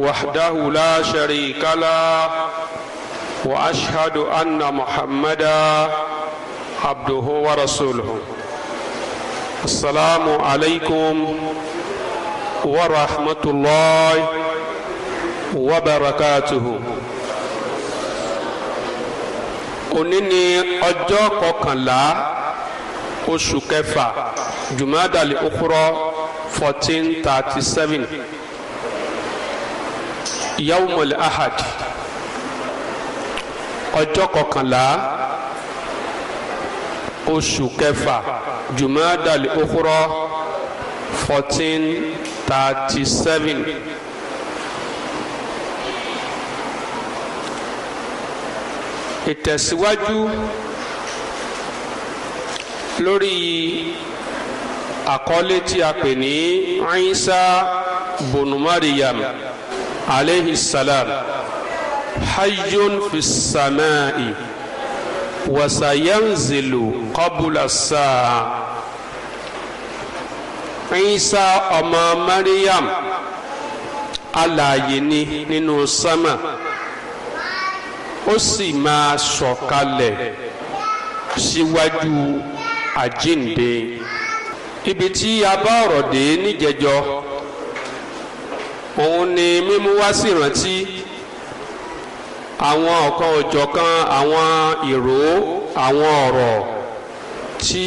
وحده لا شريك له واشهد ان محمدا عبده ورسوله السلام عليكم ورحمه الله وبركاته òní ni ọjọ́ kọkànlá oṣù kẹfà jumadali okuro fourteen thirty seven yawmul ahad ọjọ́ kọkànlá oṣù kẹfà jumadal okoro fourteen thirty seven ìtẹ̀síwájú lórí àkọlé tí a pè ní Isa bonu Mariam alayhi salam hayyun fi samai wasayanzilu qabula saa Isa ọmọ Mariam alààyè ni nínú sámà ó sì máa sọ̀kalẹ̀ síwájú àjínde ibi tí a bá ọ̀rọ̀ dé níjẹjọ́ òun ni mímú wá sí ìrántí àwọn ọ̀kan òjọ̀kan àwọn ìró àwọn ọ̀rọ̀ tí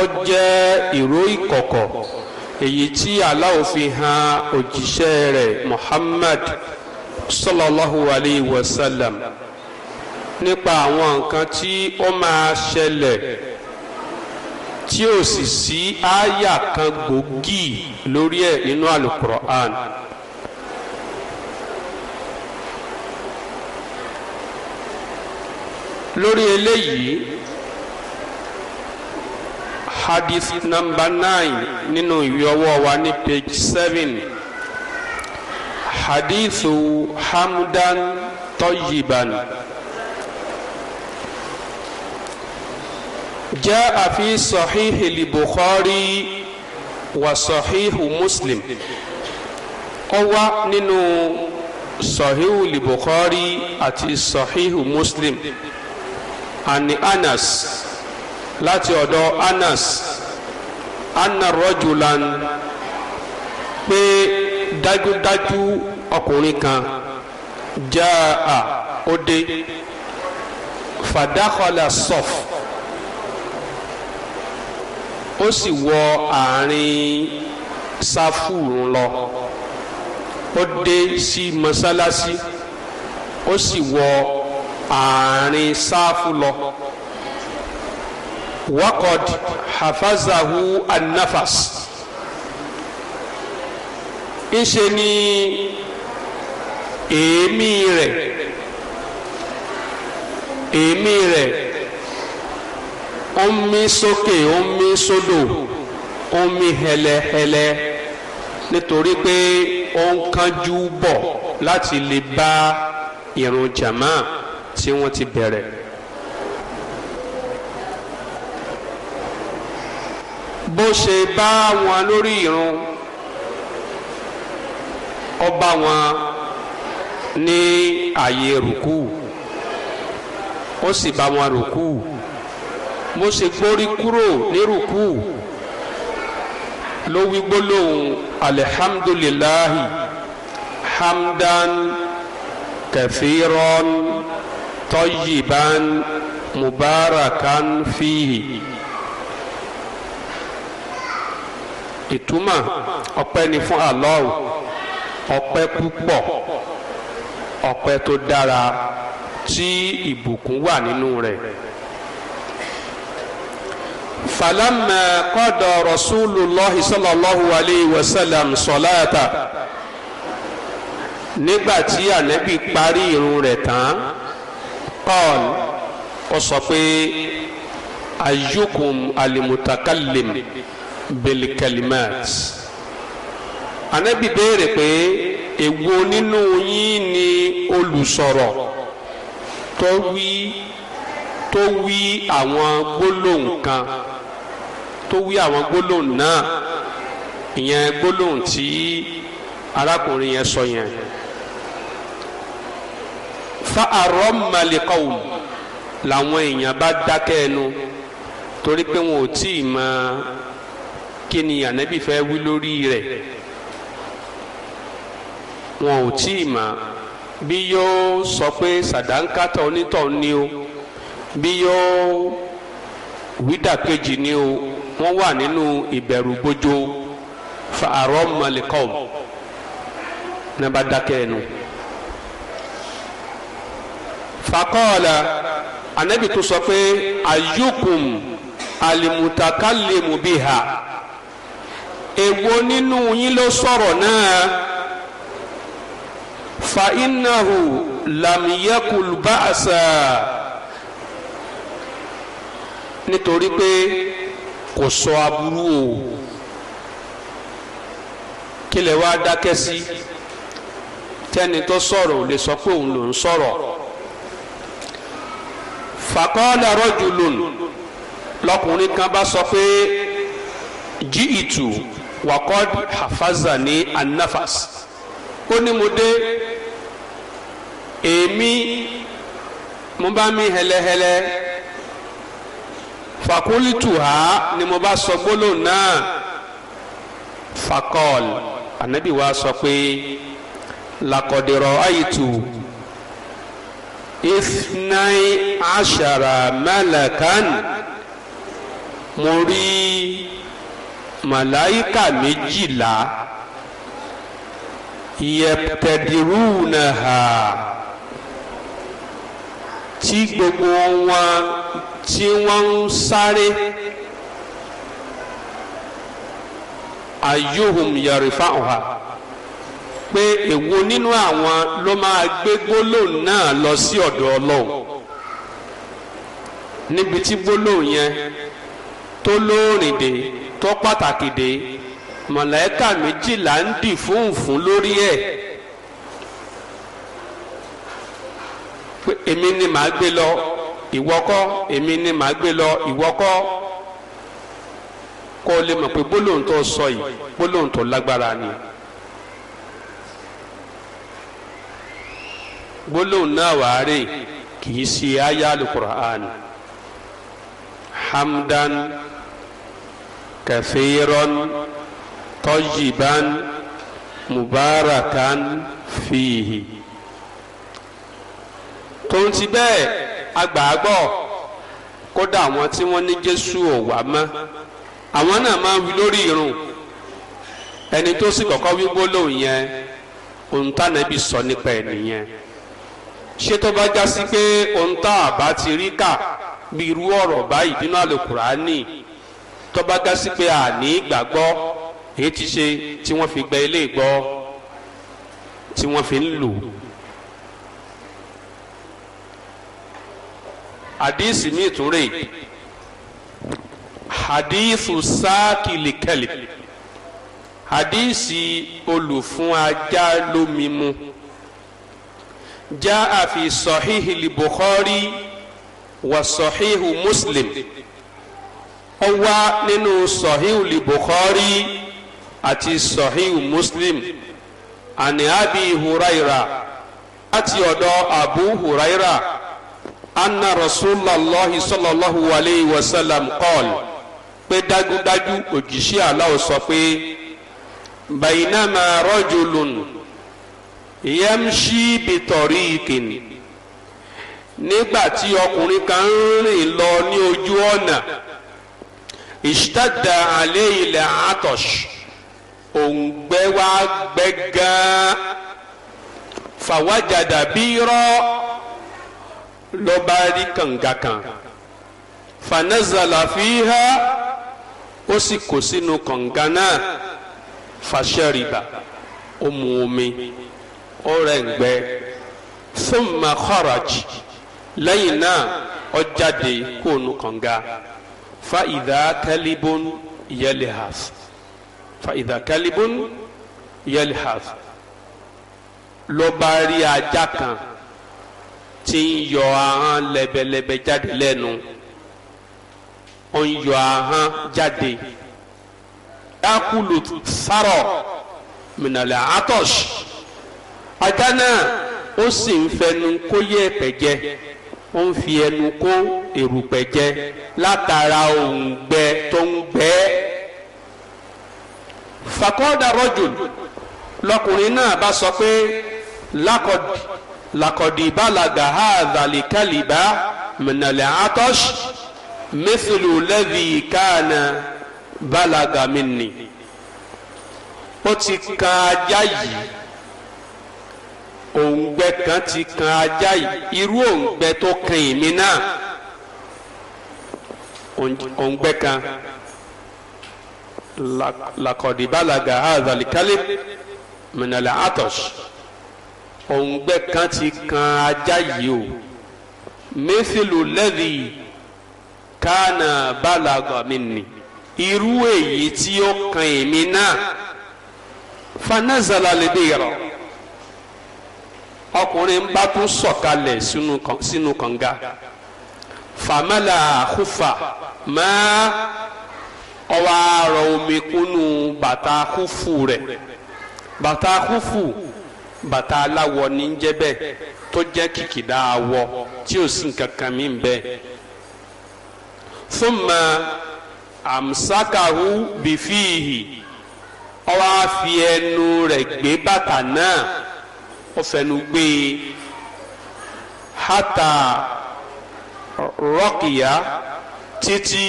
ó jẹ́ ìró ìkọ̀kọ̀ èyí tí Allah fi hàn òjíṣẹ́ rẹ̀ Muhammad sallallahu alayhi wa sallam nípa àwọn nǹkan tí ó máa ṣẹlẹ̀ tí ò sì sí àyà kan gbòógì lórí ẹ̀ nínú alukur'an. lórí eléyìí hadith number nine nínú ìwé ọwọ́ wa ní page seven hadithu hamdan tayyiban. جاء في صحيح البخاري وصحيح مسلم ọwá nínú sọ̀híhù libukọ́rí àti sọ̀híhù muslim àní anas láti ọ̀dọ̀ anas anna rọ́jùlan pé dájúdájú ọkùnrin kan jáà ó dé fàdákọ́lá sọ́fù ó sì wọ àárín sáfùrún lọ ó dé sí mọ́sálásí ó sì wọ àárín sáfù lọ wakod hafazahu an ńṣe ni èémí rẹ̀ èémí rẹ̀ ó ń mí sókè ó ń mí sódò ó ń mí hẹlẹhẹlẹ nítorí pé ó ń kánjú bọ̀ láti lè bá ìrun jàmá tí wọ́n ti bẹ̀rẹ̀. bó ṣe bá wọn lórí ìrun ó wọn ní àyè rùkú ó sì bá wọn rùkú mo ṣe gbórí kúrò nírùkú ló wí gbólóhùn alihamdulilahi hamdan kathiran tayyiban mubarakan fihi ìtumọ̀ ọpẹ́ ni fún Allah ọpẹ́ púpọ̀ ọpẹ́ tó dára tí ìbùkún wà nínú rẹ̀. فلما قضى رسول الله صلى الله عليه وسلم صلاته nígbà tí ànábì parí irun rẹ̀ tán paul ó sọ pé ayyukum alimutakallim bilkalimat ànábì béèrè pé èwo nínú yín ni olùsọ̀rọ̀ tó wí tó wí àwọn gbólóhùn kan tó wí àwọn gbólóhùn náà ìyẹn gbólóhùn tí arákùnrin yẹn sọ yẹn fa àrọ́màlẹ́kọ̀ọ́ làwọn èèyàn bá dákẹ́ ẹnu torí pé wọn ò tí ì mọ kí ni ànábì fẹ́ wí lórí rẹ̀ wọn ò tí ì mọ bí yóò sọ pé sàdánkátà onítọ̀ ni o bí yóò wídàkejì ni o wọ́n wà nínú ìbẹ̀rù bojo fa àrọ́ mọ̀lẹ́kọ́ ní bá dákẹ́ ẹnu. fakọ́ọ̀lá anabi tó sọ pé ayukum alimutakalimu biha èwo nínú yín ló sọ̀rọ̀ náà fa innahu lamiyakul baasa nítorí pé kò sọ aburú o kílẹ̀ wá dákẹ́ sí tẹ́ni tó sọ̀rọ̀ ò lè sọ pé òun ló ń sọ̀rọ̀ faqala rajulun lọkùnrin kan bá sọ pé jí ìtù waqad hafazani an-nafas ó ní mo dé èmi mo bá mi hẹlẹhẹlẹ fakulitu ha ni mo bá sọ gbólóhùn náà fakọl anabi wa sọ pé lakọdẹrọ ayitu ifnai ashara malakan mo rí màláìka méjìlá yẹtẹdirunaha tí gbogbo wọn tí wọ́n ń sáré ayuhum ọha pé èwo nínú àwọn ló máa gbé gbólóhùn náà lọ sí ọ̀dọ̀ ọlọ́run níbi tí gbólóhùn yẹn tó lóòrìn dé tó pàtàkì dé mọ̀lẹ́kà méjìlá ń dì fúnfún lórí ẹ̀ pé èmi ni màá gbé lọ. ìwọ́kọ́ èmi ni màá gbé lọ ìwọ́kọ́ kó o lè mọ̀ pé gbólóhùn tó sọ yìí gbólóhùn tó lágbára ni. gbólóhùn náà wàá rè kì í ṣe àyá alukur'an hamdan kathiran tayyiban mubarakan fihi. tó ń ti bẹ́ẹ̀ agbàgbọ́ kódà àwọn tí wọ́n ní Jésù ò wá mọ́ àwọn náà máa ń wí lórí irun ẹni tó sì kọ́kọ́ wí gbólóhùn yẹn ohun tánàbí sọ nípa ẹ̀ nìyẹn ṣé tó bá já sí pé ohun tá a bá ti rí kà bí irú ọ̀rọ̀ báyìí nínú àlùkùránì tó bá já sí pé àní ìgbàgbọ́ èyí ti ṣe tí wọ́n fi gba ilé ìgbọ́ tí wọ́n fi ń lù ú. hadith mi ìtúrè hadithu sáàkìlì kẹlì hadisi olùfún ajá lómi mu já àfi sọ̀híhì libukhari wà sọ̀híhù muslim ó wá nínú sọ̀híhù libukhari àti sọ̀híhù muslim àní abi huraira láti ọ̀dọ̀ abu huraira anna rasulallah sallallahu alayhi wa sallam qol pé dájúdájú òjíṣẹ́ Allah sọ pé bainama rajulun yamshi bitariqin nígbà tí ọkùnrin kan ń rìn lọ ní ojú ọ̀nà ishtadda alayhi al-atash òǹgbẹ wá gbẹ gan fawajada bira ló bá rí kànga kan fanazala fiha ó sì kó sínú kànga náà fashariba ó mu omi ó rẹ̀ ń gbẹ thumma kharaj náà ó jáde kóònù kànga fa idha kalibun fa idha kalibun yalhas ajá kan tí ń yọ ahọ́n lẹ́bẹ̀lẹ́bẹ̀ jáde lẹ́nu ó ń yọ ahọ́n jáde akulu sárọ̀ mìnàlẹ̀ atọ́ṣ ajá náà ó sì ń fẹnu kó yẹ pẹ̀jẹ́ ó ń fi ẹnu kó erùpẹ̀ jẹ látara òǹgbẹ tó ń gbẹ fakọ́dà rọ́jò lọkùnrin náà bá sọ pé lákọ̀dì lakọdi balaga haza likaliba minale atosh misilu lẹbi kaana balaga minni ó ti kan ajá yìí òǹgbẹ kan ti kan ajá yìí irú òǹgbẹ tó kan èmi náà òǹgbẹ kan lakọdi balaga haza likalib minale atosh òǹgbẹ kan ti kan ajá yìí o mẹ́sìlú lẹ́dí kánà bàlágà mi nì irú èyí tí ó kan èmi náà fanazala lè dè yọrọ ọkùnrin bá tún sọ̀kalẹ̀ sínú kànga fàmàlà àkúfà máa ọwọ́ àrọ̀ omi kúnnú bàtà kúfù rẹ̀ bàtà kúfù. bàtà alawọ ní ń jẹ́ bẹ́ẹ̀ tó jẹ́ kìkìdá awọ tí ò sí nǹkan kan mí bẹ́ẹ̀. thumma amsakahu bifihi ó wá fi ẹnu rẹ̀ gbé bàtà náà ó fẹnu gbé e hata rọ́kìyà títí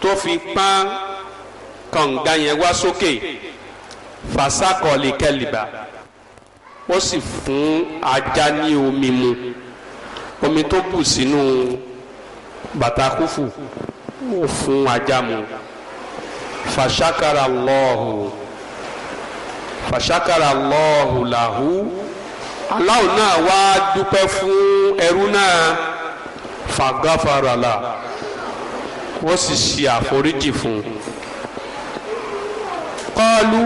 tó fi pán kànga yẹn wá sókè fasakọ̀lì kẹlìbà. ó sì fún ajá ní omi mu omi tó bù sínú bàtà kúfù ó fún ajá mu fàṣàkàrà lọ́ọ̀hù fàṣàkàrà lọ́ọ̀hù làhú aláwo náà wá dúpẹ́ fún ẹrú náà fàgáfàràlà wọ́n sì ṣe àforíjì fún un kọ́ọ̀lù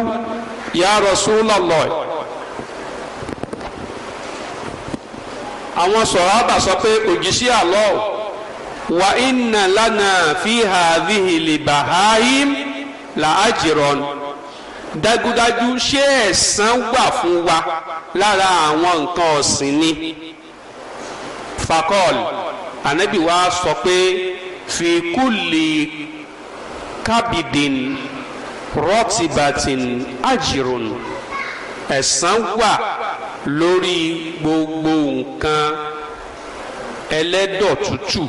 ya Rasulullah. àwọn sọ̀hábà sọ pé òjíṣẹ́ àlọ́ wa inna lana fi hadhihi li baha'im la ajran dájúdájú ṣé ẹ̀san wà fún wa lára àwọn nǹkan ọ̀sìn ni fakọ́ọ̀lù ànábì wa sọ pé fi kulli kábìdìn rọ́tìbàtìn ajrun ẹ̀san wà lórí gbogbo nǹkan ẹlẹ́dọ̀ tútù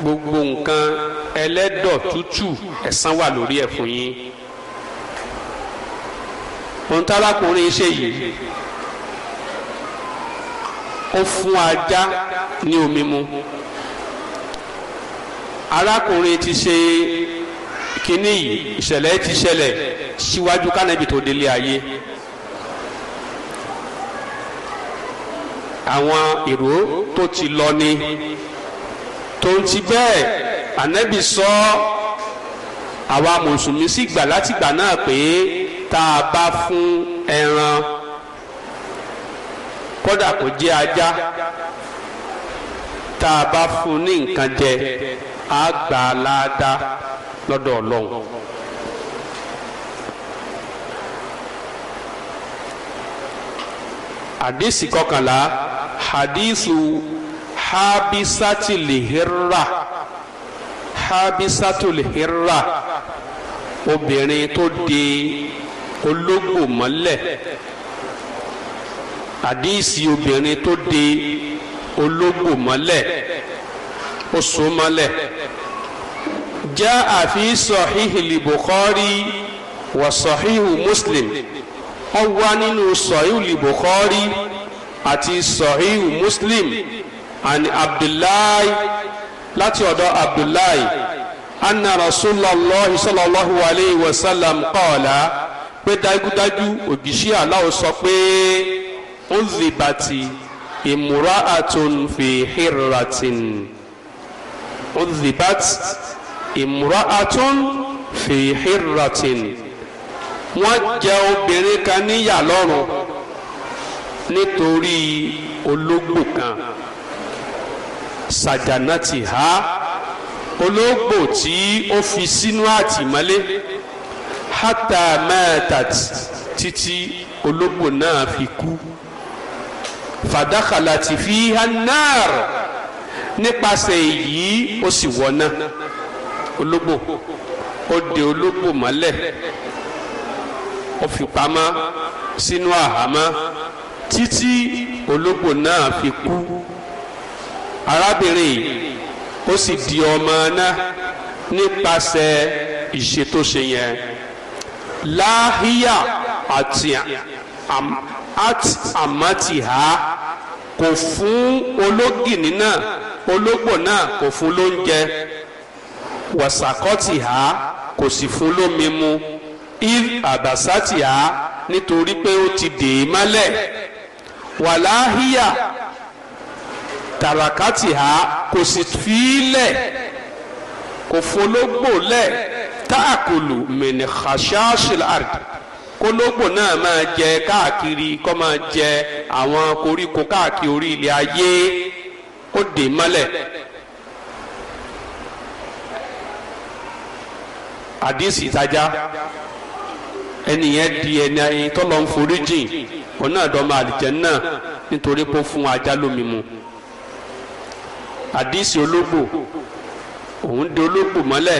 gbogbo nǹkan ẹlẹ́dọ̀ tútù ẹ̀san wà lórí ẹ̀ fún yín ohun tábàkùnrin ṣe yìí ó fún ajá ní omi mu arákùnrin ti ṣe kínní yìí ìṣẹ̀lẹ̀ ti ṣẹlẹ̀ síwájú kánẹ́bì tó délé ayé. àwọn ìró tó ti lọ ni tòun ti bẹ́ẹ̀ ànábì sọ àwa mùsùlùmí sì gbà látìgbà náà pé tá a bá fún ẹran kódà kò jẹ́ ajá tá a bá fún ní nǹkan jẹ á gbà á láadáa lọ́dọ̀ ọlọ́run. hadisi kọkànlá hadisu habisatilihira habisatulihira obìnrin tó de ológbò mọ́lẹ̀ hadisi obìnrin tó de ológbò mọ́lẹ̀ ó so mọ́lẹ̀ jẹ́ àfi sọ̀híhìlì bukhari wà sọ̀híhù muslim. muslim ó wá nínú sọ̀híù Bukhari àti sọ̀híù Muslim àni Abdullahi láti ọ̀dọ̀ Abdullahi anna rasulallah sallallahu alayhi wa sallam qala pé dájúdájú òjíṣẹ́ Allah sọ pé ó zibati imura'atun fi hirratin ó zibati imura'atun fi hirratin wọ́n jẹ obìnrin kan níyà lọ́rùn nítorí ológbò kan sàjànàtì ha ológbò tí ó fi sínú àtìmọ́lé hátà mẹ́tàt títí ológbò náà fi kú fàdákàlà ti fi hanar nípasẹ̀ èyí ó sì wọ̀ náà ológbò ó de ológbò mọ́lẹ̀ ó fi pamọ́ sínú àhámọ́ títí ológbò náà fi kú arábìnrin ó sì di ọmọ náà nípasẹ̀ ìṣètòṣe yẹn láhíyà àti àmọ́tìhá kò fún ológìní náà ológbò náà kò fún lóúnjẹ wàsàkọ́tìhá kò sì fún lómi mu if abasatia nítorí pé ó ti dè é mọ́lẹ̀ wàláhíyà tàràkàtìhà kò sì fílẹ̀ kò fológbò lẹ̀ táàkùlù mìnìkàṣáṣìl àrd kólógbò náà máa jẹ káàkiri kó máa jẹ àwọn koríko káàkiri orí ilẹ̀ ayé ó dè é mọ́lẹ̀. àdìsí ìtajà ẹnìyẹn di ẹni ayé tọ́lọ́ ń forí jìn òun náà dọ́ máa àlìjẹ́ náà nítorí pé ó fún ajá lómi mu àdìsí ológbò òun de ológbò mọ́lẹ̀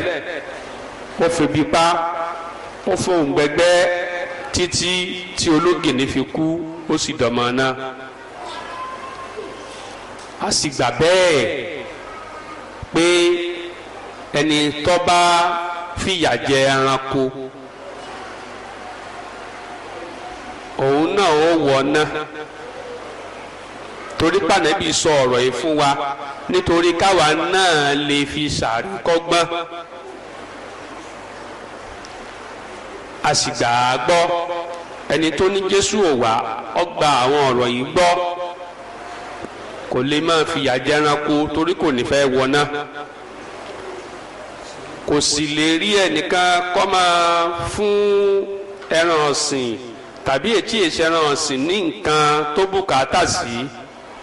ó febi pa ó fún òun títí tí ológìní fi kú ó sì dọ̀mọ́ náà a sì gbà bẹ́ẹ̀ pé ẹni tó bá fìyà jẹ ẹranko. òun náà ó wọná torí pànẹ́bí sọ ọ̀rọ̀ yìí fún wa nítorí káwa náà lè fi ṣàríkọ́gbọ́n a sì gbà á gbọ́ ẹni tó ní Jésù ò wá ọ gba àwọn ọ̀rọ̀ yìí gbọ́ kò lè máa fi jẹ ẹranko torí kò ní fẹ́ wọná kò sì lè rí ẹnìkan kọ́ máa fún ẹran ọ̀sìn. tàbí ètí ìṣẹ̀ràn ọ̀sìn ní nǹkan tó bùkátà sí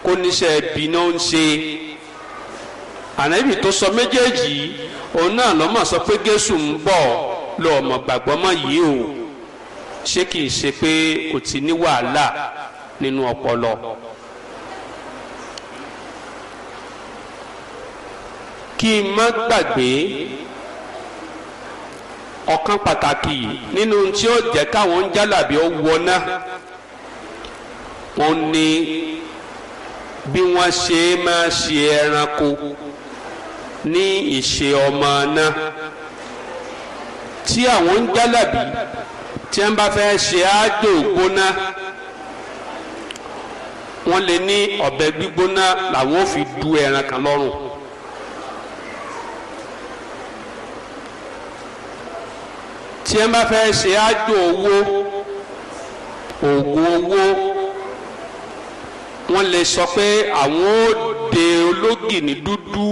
kó níṣẹ́ bí náà ń ṣe ànábì tó sọ méjèèjì òun náà lọ́mọ sọ pé Jésù ń bọ̀ lọ́ọ̀mọ̀ gbàgbọ́ mọ́ yìí o ṣé kìí ṣe pé kò ti ní wàhálà nínú ọpọlọ. kí n má gbàgbé ọ̀kan pàtàkì nínú tí ó jẹ́ káwọn ń jálàbí ó wọná ó ní bí wọ́n ṣe máa ṣe ẹranko ní ìṣe ọmọ náà tí àwọn ń jálàbí tí wọ́n bá fẹ́ ṣe àádó gbóná wọ́n lè ní ọ̀bẹ gbígbóná làwọn ò fi du ẹran kan lọ́rùn. tí ẹ bá fẹ́ ṣe àjò owó oògùn owó wọ́n lè sọ pé àwọn ó de ológìní dúdú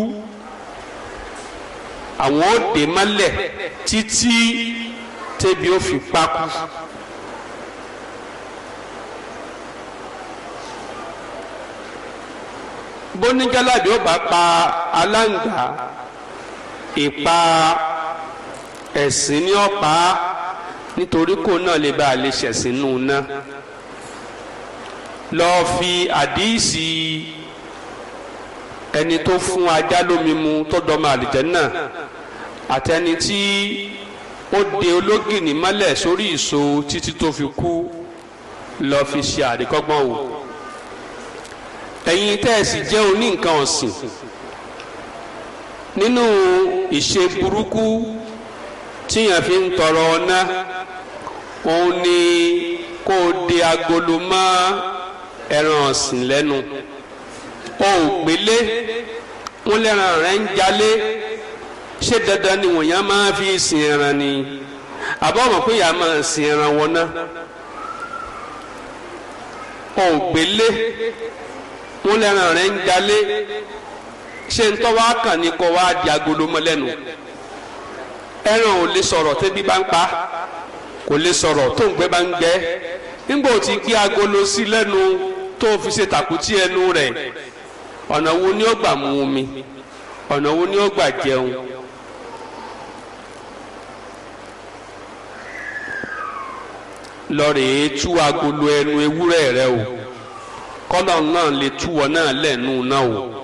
àwọn ó de mọ́lẹ̀ títí tẹ́bi ó fi pákú. bóníjàlábì ó bá pa aláǹgbá ìpa. E ẹ̀sìn ní ọ̀pá nítorí kò náà lè bá a lè ṣẹ̀sìn nù ná lọ́ọ́ fi àdíìsì ẹni tó fún ajá lómi mu tó dọ́mọ àlìjẹ́nà àtẹni tí ó de ológìnní mọ́lẹ̀ sórí ìṣó títí tó fi kú lọ́ọ́ fi ṣe àríkọ́gbọ́n wò ẹ̀yin tẹ́ẹ̀sì jẹ́ oní nǹkan ọ̀sìn nínú ìṣe burúkú. tíyàn fi ń tọrọ ọ̀nà òun ni kó o di agolo mọ́ ẹran ọ̀sìn lẹ́nu o ò gbélé wọn lẹ́ran dandan ni wọ̀nyá máa fi sin ẹran ni àbọ̀ mọ̀ pé ìyá máa sin ẹran wọn náà o ò gbélé wọn lẹ́ran rẹ̀ ń jalé ṣé ń ẹran ò lè sọ̀rọ̀ tẹ́bí bá ń pa kò lè sọ̀rọ̀ tó ń gbẹ bá ń gbẹ nígbà ó ti gbé agolo sí lẹ́nu tó fi ṣe tàkútí ẹnu rẹ̀ ọ̀nà wo ni ó gbà mu omi ọ̀nà wo ni ó gbà jẹun. lọ́ọ̀rì tú agolo ẹnu ewúrẹ́ rẹ o kọ́lọ̀ náà lè tuwo náà lẹ́nu náà o.